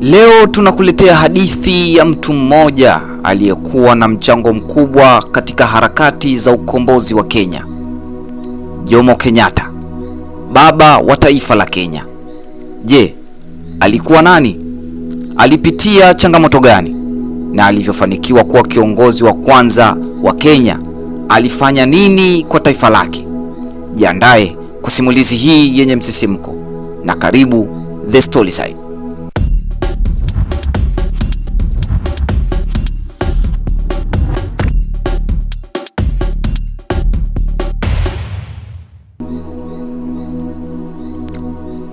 Leo tunakuletea hadithi ya mtu mmoja aliyekuwa na mchango mkubwa katika harakati za ukombozi wa Kenya. Jomo Kenyatta, baba wa taifa la Kenya. Je, alikuwa nani? Alipitia changamoto gani? Na alivyofanikiwa kuwa kiongozi wa kwanza wa Kenya, alifanya nini kwa taifa lake? Jiandae kwa simulizi hii yenye msisimko. Na karibu The Storyside.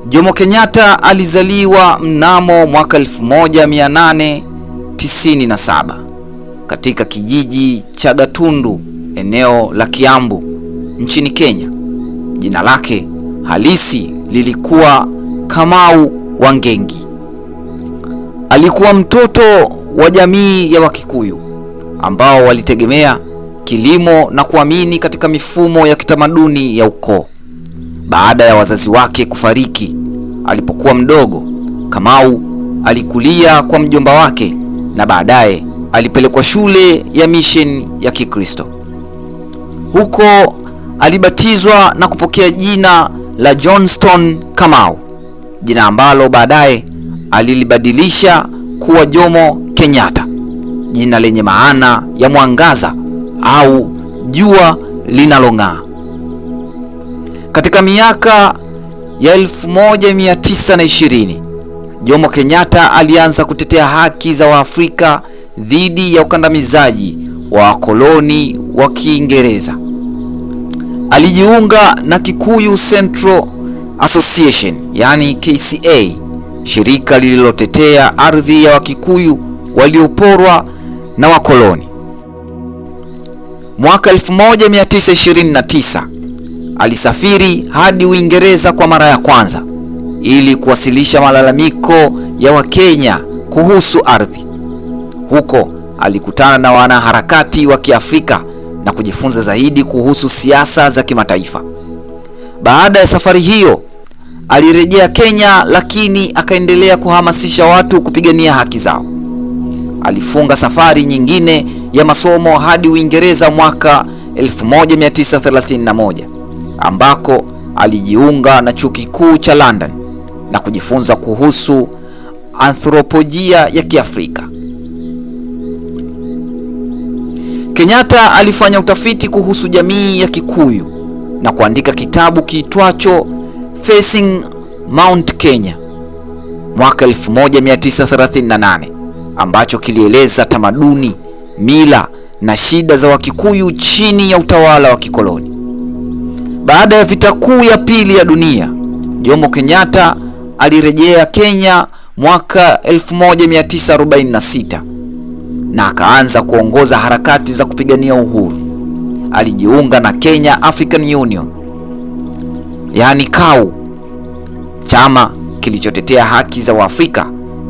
Jomo Kenyatta alizaliwa mnamo mwaka 1897 katika kijiji cha Gatundu, eneo la Kiambu, nchini Kenya. Jina lake halisi lilikuwa Kamau Wangengi. Alikuwa mtoto wa jamii ya Wakikuyu ambao walitegemea kilimo na kuamini katika mifumo ya kitamaduni ya ukoo. Baada ya wazazi wake kufariki alipokuwa mdogo, Kamau alikulia kwa mjomba wake na baadaye alipelekwa shule ya mission ya Kikristo. Huko alibatizwa na kupokea jina la Johnston Kamau, jina ambalo baadaye alilibadilisha kuwa Jomo Kenyatta, jina lenye maana ya mwangaza au jua linalong'aa. Katika miaka ya 1920 Jomo Kenyatta alianza kutetea haki za Waafrika dhidi ya ukandamizaji wa wakoloni wa Kiingereza. Alijiunga na Kikuyu Central Association, yani KCA, shirika lililotetea ardhi ya Wakikuyu walioporwa na wakoloni. Mwaka 1929 alisafiri hadi Uingereza kwa mara ya kwanza ili kuwasilisha malalamiko ya Wakenya kuhusu ardhi. Huko alikutana na wanaharakati wa Kiafrika na kujifunza zaidi kuhusu siasa za kimataifa. Baada ya safari hiyo, alirejea Kenya lakini akaendelea kuhamasisha watu kupigania haki zao. Alifunga safari nyingine ya masomo hadi Uingereza mwaka 1931 ambako alijiunga na chuo kikuu cha London na kujifunza kuhusu anthropolojia ya Kiafrika. Kenyatta alifanya utafiti kuhusu jamii ya Kikuyu na kuandika kitabu kiitwacho Facing Mount Kenya mwaka 1938 ambacho kilieleza tamaduni, mila na shida za Wakikuyu chini ya utawala wa kikoloni. Baada ya vita kuu ya pili ya dunia, Jomo Kenyatta alirejea Kenya mwaka 1946 na akaanza kuongoza harakati za kupigania uhuru. Alijiunga na Kenya African Union, yaani KAU, chama kilichotetea haki za Waafrika,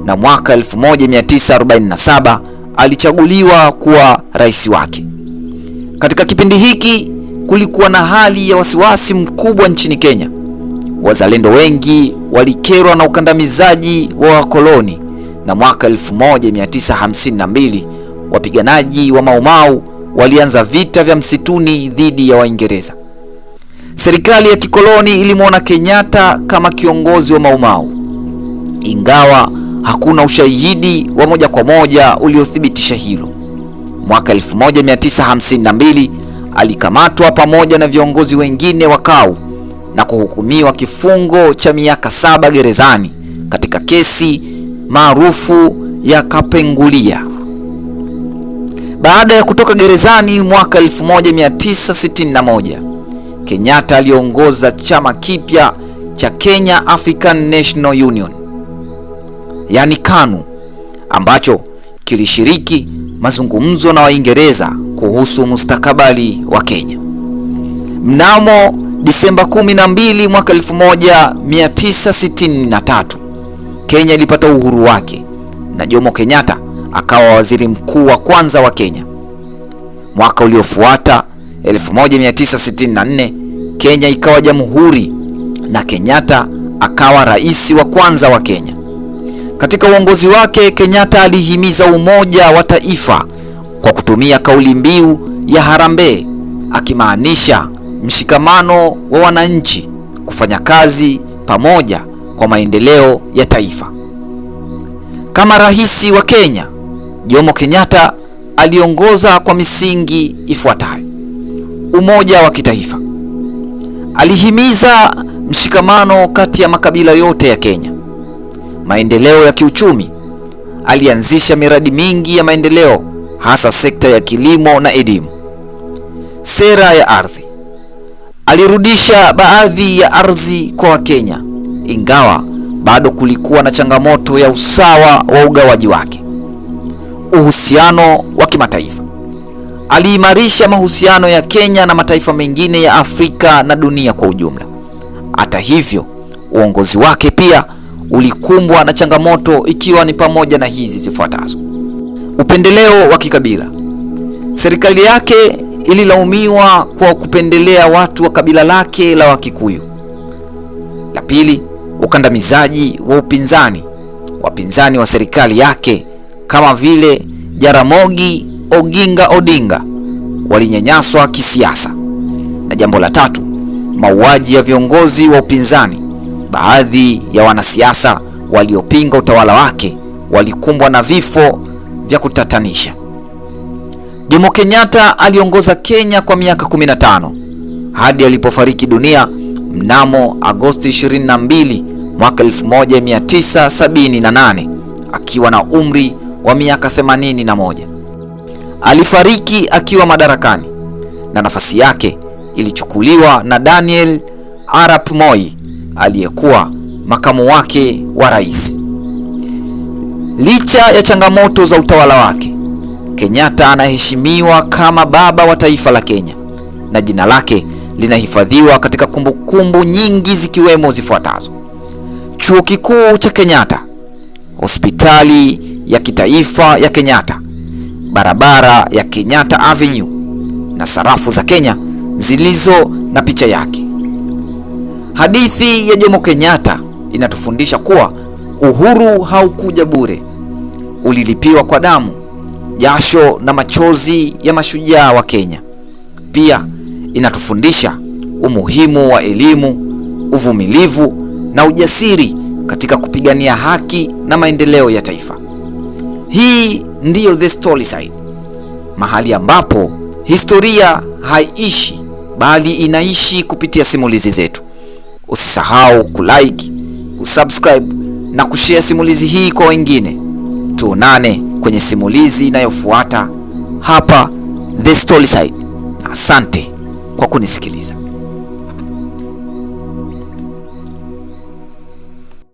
na mwaka 1947 alichaguliwa kuwa rais wake. Katika kipindi hiki kulikuwa na hali ya wasiwasi mkubwa nchini Kenya. Wazalendo wengi walikerwa na ukandamizaji wa wakoloni, na mwaka 1952 wapiganaji wa Maumau walianza vita vya msituni dhidi ya Waingereza. Serikali ya kikoloni ilimwona Kenyatta kama kiongozi wa Maumau, ingawa hakuna ushahidi wa moja kwa moja uliothibitisha hilo. Mwaka 1952 alikamatwa pamoja na viongozi wengine wa KAU na kuhukumiwa kifungo cha miaka saba gerezani katika kesi maarufu ya Kapenguria. Baada ya kutoka gerezani mwaka 1961, Kenyatta aliongoza chama kipya cha Kenya African National Union, yani KANU, ambacho kilishiriki mazungumzo na Waingereza kuhusu mustakabali wa Kenya. Mnamo Disemba 12 mwaka 1963 Kenya ilipata uhuru wake na Jomo Kenyatta akawa waziri mkuu wa kwanza wa Kenya. Mwaka uliofuata 1964 Kenya ikawa jamhuri na Kenyatta akawa rais wa kwanza wa Kenya. Katika uongozi wake, Kenyatta alihimiza umoja wa taifa kwa kutumia kauli mbiu ya harambee, akimaanisha mshikamano wa wananchi kufanya kazi pamoja kwa maendeleo ya taifa. Kama rais wa Kenya, Jomo Kenyatta aliongoza kwa misingi ifuatayo: umoja wa kitaifa. Alihimiza mshikamano kati ya makabila yote ya Kenya. Maendeleo ya kiuchumi. Alianzisha miradi mingi ya maendeleo hasa sekta ya kilimo na elimu. Sera ya ardhi, alirudisha baadhi ya ardhi kwa Wakenya, ingawa bado kulikuwa na changamoto ya usawa wa ugawaji wake. Uhusiano wa kimataifa, aliimarisha mahusiano ya Kenya na mataifa mengine ya Afrika na dunia kwa ujumla. Hata hivyo, uongozi wake pia ulikumbwa na changamoto, ikiwa ni pamoja na hizi zifuatazo upendeleo wa kikabila. Serikali yake ililaumiwa kwa kupendelea watu wa kabila lake la Wakikuyu. La pili, ukandamizaji wa upinzani, wapinzani wa serikali yake kama vile Jaramogi Oginga Odinga walinyanyaswa kisiasa. Na jambo la tatu, mauaji ya viongozi wa upinzani. Baadhi ya wanasiasa waliopinga utawala wake walikumbwa na vifo vya kutatanisha. Jomo Kenyatta aliongoza Kenya kwa miaka 15 hadi alipofariki dunia mnamo Agosti 22 mwaka 1978 akiwa na umri wa miaka 81. Alifariki akiwa madarakani na nafasi yake ilichukuliwa na Daniel Arap Moi aliyekuwa makamu wake wa rais. Licha ya changamoto za utawala wake, Kenyatta anaheshimiwa kama baba wa taifa la Kenya na jina lake linahifadhiwa katika kumbukumbu kumbu nyingi zikiwemo zifuatazo: Chuo Kikuu cha Kenyatta, Hospitali ya Kitaifa ya Kenyatta, barabara ya Kenyatta Avenue na sarafu za Kenya zilizo na picha yake. Hadithi ya Jomo Kenyatta inatufundisha kuwa Uhuru haukuja bure, ulilipiwa kwa damu, jasho na machozi ya mashujaa wa Kenya. Pia inatufundisha umuhimu wa elimu, uvumilivu na ujasiri katika kupigania haki na maendeleo ya taifa. Hii ndiyo The Side, mahali ambapo historia haiishi bali inaishi kupitia simulizi zetu. Usisahau kulike, kusubscribe na kushare simulizi hii kwa wengine. Tuonane kwenye simulizi inayofuata hapa The Side. Asante kwa kunisikiliza.